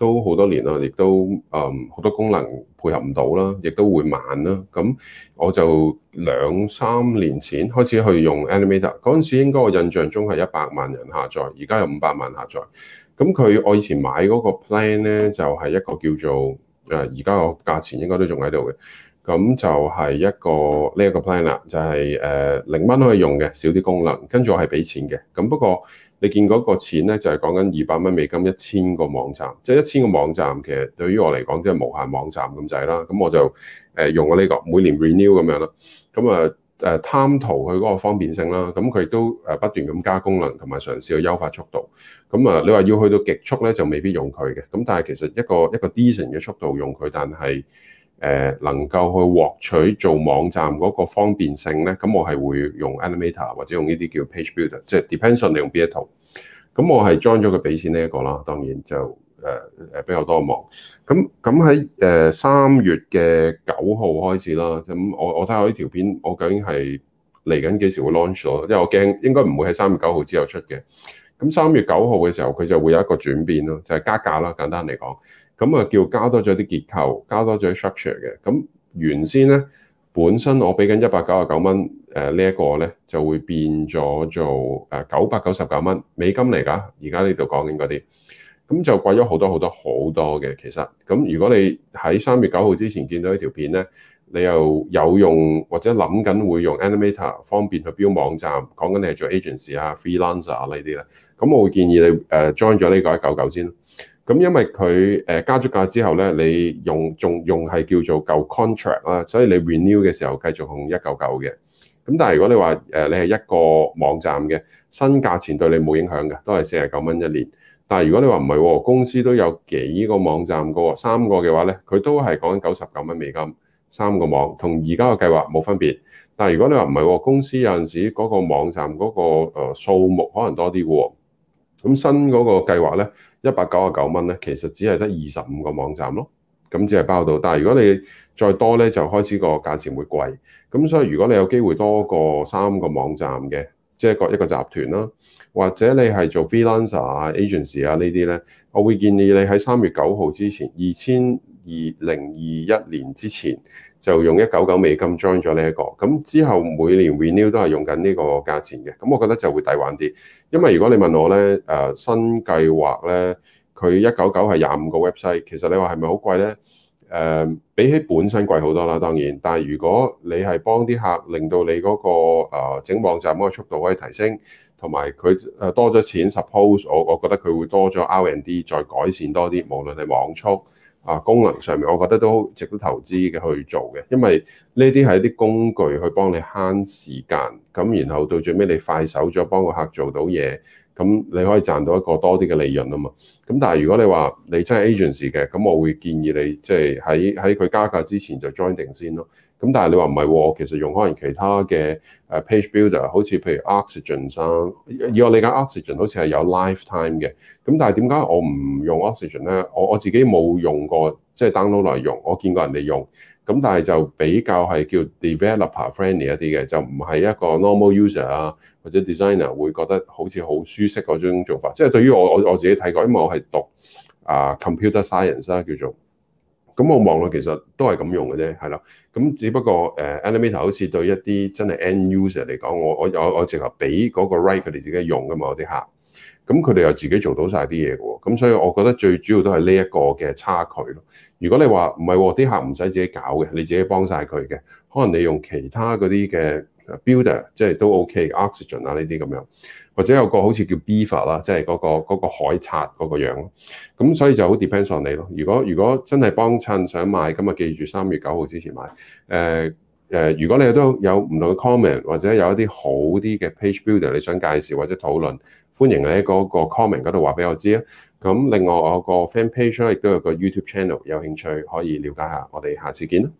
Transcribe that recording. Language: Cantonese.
都好多年啦，亦都誒好、嗯、多功能配合唔到啦，亦都會慢啦。咁我就兩三年前開始去用 Animator，嗰陣時應該我印象中係一百萬人下載，而家有五百萬下載。咁佢我以前買嗰個 plan 咧，就係、是、一個叫做誒，而家個價錢應該都仲喺度嘅。咁就係一個呢一個 plan 啦，就係誒零蚊都可以用嘅，少啲功能。跟住我係俾錢嘅，咁不過你見嗰個錢咧，就係講緊二百蚊美金一千個網站，即係一千個網站其實對於我嚟講都係無限網站咁滯啦。咁我就誒用咗呢個每年 renew 咁樣啦。咁啊誒貪圖佢嗰個方便性啦，咁佢都誒不斷咁加功能同埋嘗試去優化速度。咁啊，你話要去到極速咧，就未必用佢嘅。咁但係其實一個一個 decent 嘅速度用佢，但係。誒能夠去獲取做網站嗰個方便性咧，咁我係會用 Animator 或者用呢啲叫 Page Builder，即係 depends on 你用邊一套。咁我係 join 咗個畀錢呢一個啦，當然就誒誒比較多忙。咁咁喺誒三月嘅九號開始啦，咁我我睇下呢條片，我究竟係嚟緊幾時會 launch 咯，因為我驚應該唔會喺三月九號之後出嘅。咁三月九號嘅時候，佢就會有一個轉變咯，就係加價啦，簡單嚟講。咁啊，叫加多咗啲結構，加多咗啲 structure 嘅。咁原先咧，本身我俾緊一百九十九蚊，誒呢一個咧就會變咗做誒九百九十九蚊美金嚟㗎。而家呢度講緊嗰啲，咁就貴咗好多好多好多嘅。其實，咁如果你喺三月九號之前見到呢條片咧，你又有用或者諗緊會用 Animator 方便去標網站，講緊你係做 agency 啊 Fre、freelancer 啊呢啲咧，咁我會建議你誒、呃、join 咗呢個一九九先。咁因為佢誒加咗價之後咧，你用仲用係叫做舊 contract 啦，所以你 renew 嘅時候繼續用一九九嘅。咁但係如果你話誒你係一個網站嘅新價錢對你冇影響嘅，都係四十九蚊一年。但係如果你話唔係喎，公司都有幾個網站嘅三個嘅話咧，佢都係講緊九十九蚊美金三個網，同而家嘅計劃冇分別。但係如果你話唔係喎，公司有陣時嗰個網站嗰個誒數目可能多啲嘅喎。咁新嗰個計劃咧，一百九十九蚊咧，其實只係得二十五個網站咯，咁只係包到。但係如果你再多咧，就開始個價錢會貴。咁所以如果你有機會多過三個網站嘅，即係各一個集團啦，或者你係做 freelancer 啊、ancer, agency 啊呢啲咧，我會建議你喺三月九號之前二千。2, 二零二一年之前就用一九九美金 join 咗呢一個，咁之後每年 renew 都係用緊呢個價錢嘅。咁我覺得就會抵玩啲，因為如果你問我咧，誒新計劃咧，佢一九九係廿五個 website，其實你話係咪好貴咧？誒、呃、比起本身貴好多啦，當然。但係如果你係幫啲客，令到你嗰個誒整網站嗰個速度可以提升，同埋佢誒多咗錢，suppose 我我覺得佢會多咗 R&D 再改善多啲，無論係網速。啊，功能上面我覺得都值得投資嘅去做嘅，因為呢啲係一啲工具去幫你慳時間，咁然後到最尾你快手咗，幫個客做到嘢。咁你可以賺到一個多啲嘅利潤啊嘛，咁但係如果你話你真係 agency 嘅，咁我會建議你即係喺喺佢加價之前就 join 定先咯。咁但係你話唔係喎，我其實用可能其他嘅誒 page builder，好似譬如 Oxygen 生，以我理解 Oxygen 好似係有 lifetime 嘅。咁但係點解我唔用 Oxygen 咧？我我自己冇用過。即係 download 嚟用，我見過人哋用，咁但係就比較係叫 developer friendly 一啲嘅，就唔係一個 normal user 啊或者 designer 會覺得好似好舒適嗰種做法。即係對於我我我自己睇過，因為我係讀啊 computer science 啊叫做，咁我望落其實都係咁用嘅啫，係咯。咁只不過誒，Animator、uh, 好似對一啲真係 end user 嚟講，我我我我直頭俾嗰個 writer 佢哋自己用㗎嘛，啲客。咁佢哋又自己做到晒啲嘢嘅喎，咁所以我覺得最主要都係呢一個嘅差距咯。如果你話唔係喎，啲、哦、客唔使自己搞嘅，你自己幫晒佢嘅，可能你用其他嗰啲嘅 builder，即係都 OK oxygen 啊呢啲咁樣，或者有個好似叫 Beaver 啦，即係嗰個海賊嗰個樣咯。咁所以就好 depends on 你咯。如果如果真係幫襯想買，咁啊記住三月九號之前買，誒、呃。如果你哋都有唔同嘅 comment，或者有一啲好啲嘅 page builder，你想介紹或者討論，歡迎你喺嗰個 comment 嗰度話俾我知啊。咁另外我個 fan page 亦都有個 YouTube channel，有興趣可以了解下。我哋下次見啦。